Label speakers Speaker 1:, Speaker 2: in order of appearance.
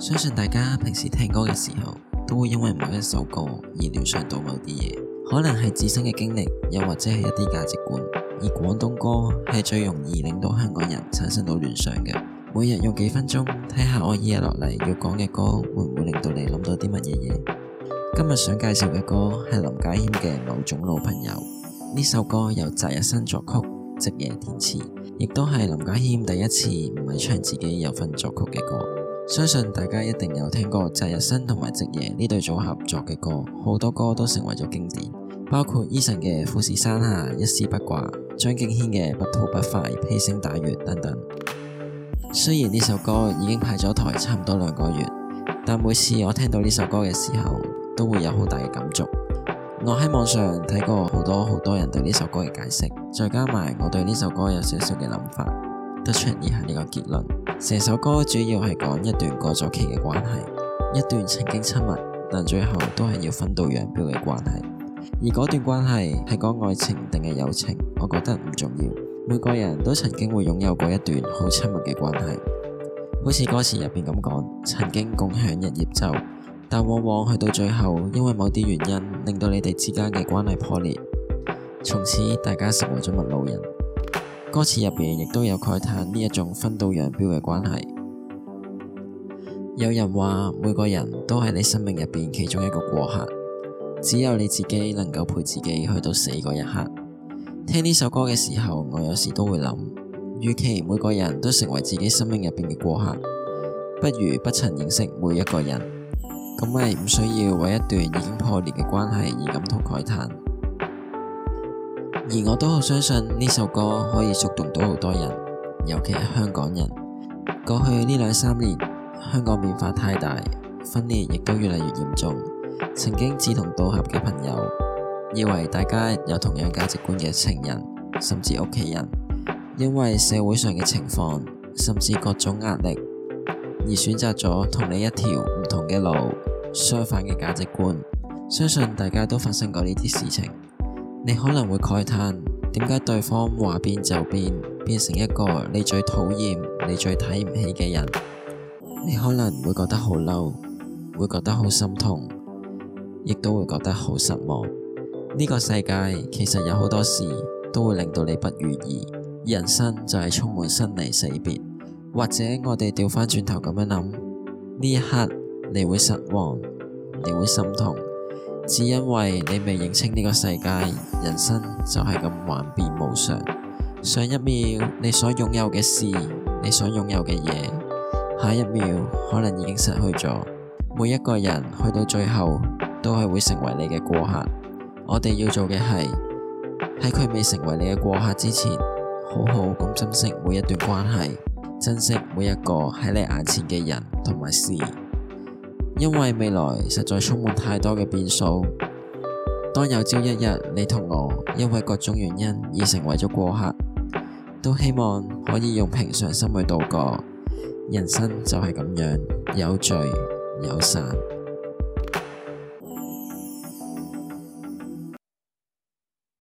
Speaker 1: 相信大家平時聽歌嘅時候，都會因為某一首歌而聯想到某啲嘢，可能係自身嘅經歷，又或者係一啲價值觀。而廣東歌係最容易令到香港人產生到聯想嘅。每日用幾分鐘睇下我依日落嚟要講嘅歌，會唔會令到你諗到啲乜嘢嘢？今日想介紹嘅歌係林家謙嘅《某種老朋友》，呢首歌由澤日生作曲，林夕填詞，亦都係林家謙第一次唔係唱自己有份作曲嘅歌。相信大家一定有聽過澤日生同埋夕爺呢對組合作嘅歌，好多歌都成為咗經典，包括 Eason 嘅富士山下、一絲不掛、張敬軒嘅不吐不快、披星戴月等等。雖然呢首歌已經派咗台差唔多兩個月，但每次我聽到呢首歌嘅時候，都會有好大嘅感觸。我喺網上睇過好多好多人對呢首歌嘅解釋，再加埋我對呢首歌有少少嘅諗法，得出以下呢個結論。成首歌主要係講一段過咗期嘅關係，一段曾經親密但最後都係要分道揚鑣嘅關係。而嗰段關係係講愛情定係友情，我覺得唔重要。每個人都曾經會擁有過一段好親密嘅關係，好似歌詞入邊咁講：曾經共享日夜晝，但往往去到最後，因為某啲原因，令到你哋之間嘅關係破裂，從此大家成為咗陌路人。歌詞入邊亦都有慨嘆呢一種分道揚鑣嘅關係。有人話每個人都係你生命入邊其中一個過客，只有你自己能夠陪自己去到死嗰一刻。聽呢首歌嘅時候，我有時都會諗，與其每個人都成為自己生命入邊嘅過客，不如不曾認識每一個人，咁咪唔需要為一段已經破裂嘅關係而感同慨嘆。而我都好相信呢首歌可以觸動到好多人，尤其係香港人。過去呢兩三年，香港變化太大，分裂亦都越嚟越嚴重。曾經志同道合嘅朋友，以為大家有同樣價值觀嘅情人，甚至屋企人，因為社會上嘅情況，甚至各種壓力，而選擇咗同你一條唔同嘅路，相反嘅價值觀。相信大家都發生過呢啲事情。你可能會慨嘆，點解對方話變就變，變成一個你最討厭、你最睇唔起嘅人？你可能會覺得好嬲，會覺得好心痛，亦都會覺得好失望。呢個世界其實有好多事都會令到你不如意，人生就係充滿生離死別。或者我哋調返轉頭咁樣諗，呢一刻你會失望，你會心痛。只因為你未認清呢個世界，人生就係咁幻變無常。上一秒你所擁有嘅事，你所擁有嘅嘢，下一秒可能已經失去咗。每一個人去到最後，都係會成為你嘅過客。我哋要做嘅係喺佢未成為你嘅過客之前，好好咁珍惜每一段關係，珍惜每一個喺你眼前嘅人同埋事。因為未來實在充滿太多嘅變數，當有朝一日你同我因為各種原因已成為咗過客，都希望可以用平常心去度過。人生就係咁樣，有聚有散。